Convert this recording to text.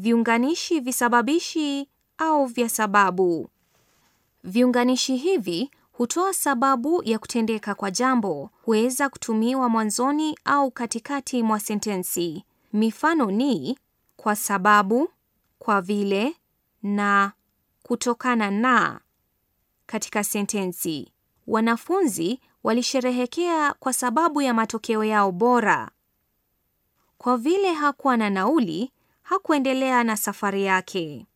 viunganishi visababishi au vya sababu. Viunganishi hivi hutoa sababu ya kutendeka kwa jambo, huweza kutumiwa mwanzoni au katikati mwa sentensi. Mifano ni kwa sababu, kwa vile na kutokana na. Katika sentensi, wanafunzi walisherehekea kwa sababu ya matokeo yao bora. Kwa vile hakuwa na nauli, hakuendelea na safari yake.